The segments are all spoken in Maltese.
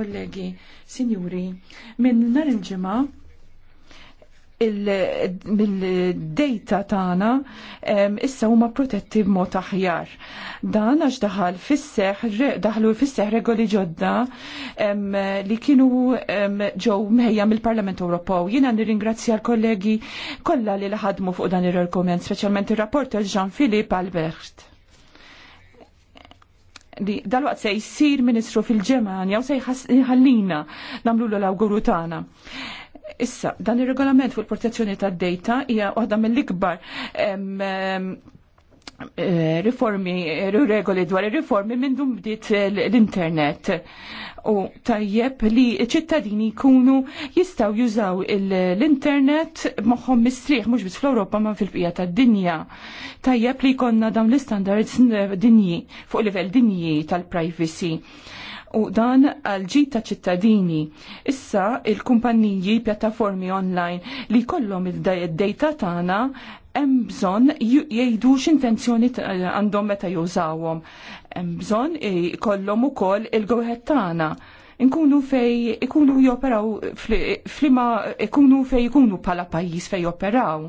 Kollegi, signori, minn nar il-ġimgħa il data tagħna issa huma protetti b'mod aħjar. Dan għax daħal fis-seħ, daħlu fis-seħ regoli ġodda li kienu ġew mħejja mill-Parlament Ewropew. Jiena nirringrazzja l-kollegi kollha li ħadmu fuq dan ir-argument, speċjalment ir-rapporter Jean-Philippe Albert li dal-waqt se jsir ministru fil-Ġermanja u se jħallina namlu l-awguru tagħna. Issa, dan ir regolament fuq il-protezzjoni tad-data hija waħda mill-ikbar Eh, riformi, eh, regoli dwar riformi minn dum bdiet eh, l-internet. U tajjeb li ċittadini jkunu jistaw jużaw l-internet moħħom mistrieħ mhux biss fl europa ma fil-bqija tad-dinja. Tajjeb li jkollna dawn l-istandards dinji fuq livell dinji tal-privacy u dan għal ta' ċittadini. Issa il-kumpanniji, pjattaformi online li kollom id-data tagħna hemm bżonn jgħidu x'intenzjoni għandhom meta jużawhom. Hemm bżonn ikollhom ukoll il-gowħed tagħna. Inkunu fej ikunu joperaw flima ikunu fej ikunu bħala pajjiż fej joperaw.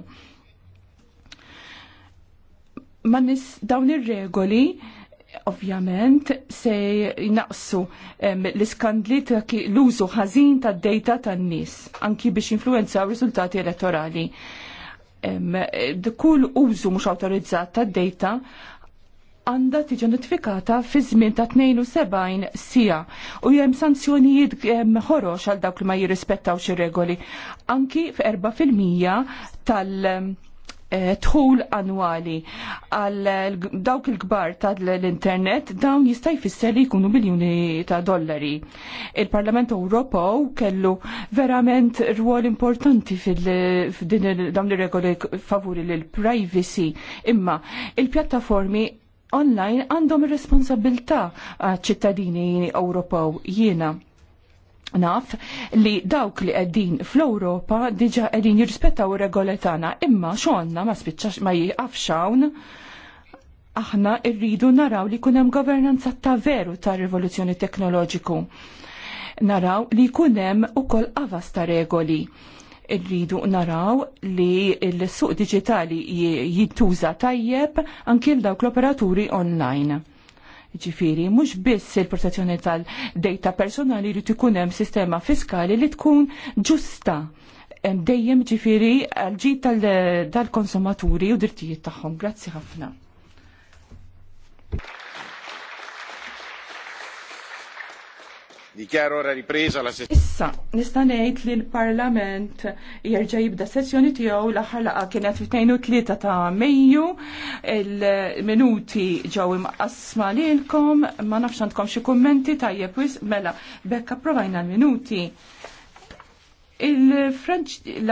Ma nis dawn ir-regoli ovvjament se jnaqsu l-iskandli ta' l-użu ħażin tad-dejta tan-nies anki biex influenzaw riżultati elettorali kull użu mhux awtorizzat tad-data għanda tiġi notifikata fi żmien ta' 72 sija u hemm sanzjonijiet ħorox għal dawk li ma jirrispettawx ir-regoli. Anki f'erba' fil-mija tal- Eh, tħul annwali għal dawk il-kbar tal-internet dawn jista' jfisser li jkunu miljoni ta' dollari. Il-Parlament Ewropew kellu verament rwol importanti fil-dawn ir-regoli favuri l-privacy imma il-pjattaformi online għandhom ir-responsabilità ċittadini Ewropew jiena naf li dawk li qegħdin fl-Ewropa diġa għeddin jirrispettaw ir-regoli tagħna, imma xogħolna ma spiċċax ma jiqafxawn hawn aħna rridu naraw li kunem governanza ta' veru ta' rivoluzzjoni teknoloġiku. Naraw li kunem u kol avas ta' regoli. Irridu naraw li l-suq digitali jittuża tajjeb anki l-dawk l-operaturi online Ġifiri, mux biss il-protezzjoni tal-data personali jrid ikun hemm sistema fiskali li tkun ġusta dejjem ġifiri għal-ġid tal-konsumaturi u drittijiet tagħhom. Grazzi ħafna. Dikjar ora ripresa la sessjoni. Issa, nista' ngħid li l-Parlament jerġa' jibda sessjoni tiegħu l-aħħar laqgħa kienet fit-23 ta' Mejju. Il-minuti ġew imqasma lilkom, ma nafx għandkom xi kummenti tajjeb wis mela bekk approvajna l-minuti. Il-Franċ